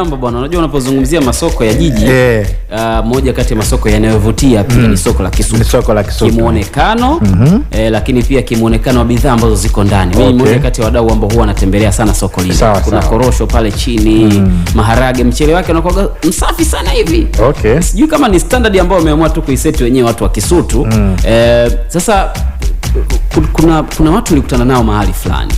Jambo bwana, unajua unapozungumzia masoko ya jiji yeah. Eh. Uh, moja kati ya masoko yanayovutia pia mm. ni soko la Kisutu, soko la Kisutu kimuonekano mm -hmm. Eh, lakini pia kimuonekano wa bidhaa ambazo ziko ndani okay. Mimi moja kati ya wadau ambao huwa natembelea sana soko hili, kuna sawa. korosho pale chini mm. maharage, mchele wake unakuwa msafi sana hivi okay. Sijui kama ni standard ambayo wameamua tu kuiseti wenyewe watu wa Kisutu mm. Eh, sasa kuna kuna watu nilikutana nao mahali fulani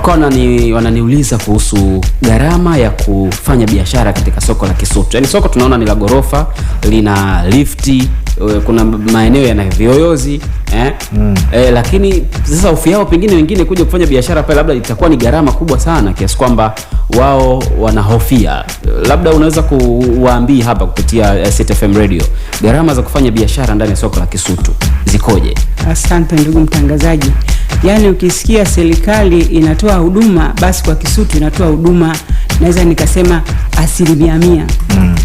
Wakawa wanani, wananiuliza kuhusu gharama ya kufanya biashara katika soko la Kisutu. Yaani soko tunaona ni la ghorofa, lina lifti, eh, kuna maeneo yana vioyozi eh? Mm. Eh, lakini sasa hofu yao pengine wengine kuja kufanya biashara pale labda itakuwa ni gharama kubwa sana kiasi kwamba wao wanahofia. Labda unaweza kuwaambia hapa kupitia CTFM Radio gharama za kufanya biashara ndani ya soko la Kisutu zikoje? Asante ndugu mtangazaji. Yaani ukisikia serikali inatoa huduma, basi kwa Kisutu inatoa huduma naweza nikasema asilimia mia. Mm.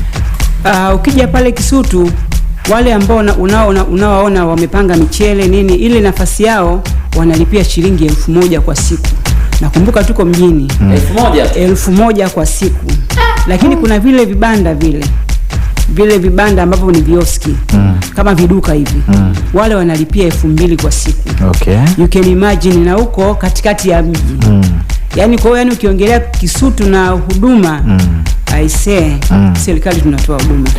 Uh, ukija pale Kisutu wale ambao unaoona unawaona wamepanga michele nini, ile nafasi yao wanalipia shilingi elfu moja kwa siku. Nakumbuka tuko mjini. Mm. Elfu moja. Elfu moja kwa siku. Lakini kuna vile vibanda vile vile vibanda ambavyo ni vioski mm. kama viduka hivi mm. wale wanalipia elfu mbili kwa siku okay. you can imagine, na huko katikati ya mji mm. yani kwa hiyo yani ukiongelea Kisutu na huduma mm. I say mm. serikali tunatoa huduma.